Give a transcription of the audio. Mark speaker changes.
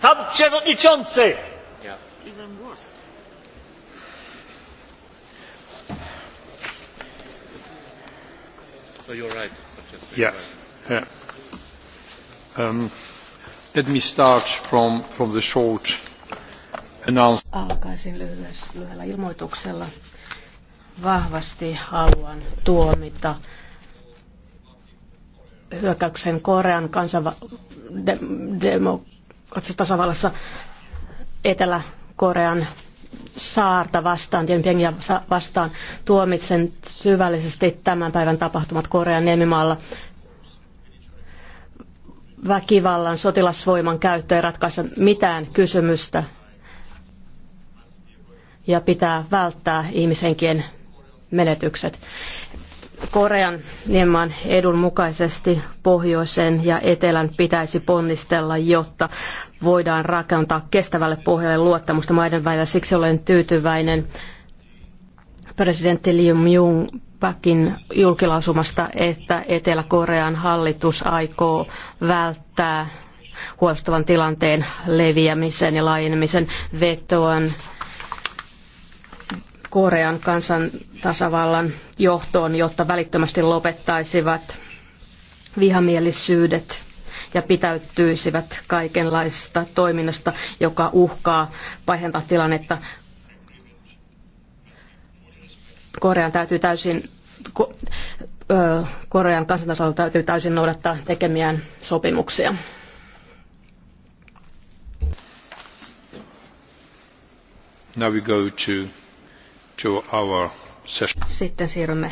Speaker 1: Pan przewodniczący! Yeah. Yeah. Um, let me start from, from the short announcement. Alkaisin lyhyellä ilmoituksella. Vahvasti haluan tuomita hyökkäyksen Korean kansanva- de- demokraattisessa tasavallassa Etelä-Korean saarta vastaan, Jenpengiä vastaan. Tuomitsen syvällisesti tämän päivän tapahtumat Korean niemimaalla. Väkivallan, sotilasvoiman käyttö ei ratkaise mitään kysymystä ja pitää välttää ihmishenkien menetykset. Korean niemaan edun mukaisesti pohjoisen ja etelän pitäisi ponnistella, jotta voidaan rakentaa kestävälle pohjalle luottamusta maiden välillä. Siksi olen tyytyväinen presidentti Lee myung Päkin julkilausumasta, että Etelä-Korean hallitus aikoo välttää huolestuttavan tilanteen leviämisen ja laajenemisen vetoan Korean kansan tasavallan johtoon, jotta välittömästi lopettaisivat vihamielisyydet ja pitäytyisivät kaikenlaisesta toiminnasta, joka uhkaa pahentaa tilannetta. Korean täytyy täysin ko, ö, Korean kansantasolla täytyy täysin noudattaa tekemiään sopimuksia. Now we go to, to our sitten siirrymme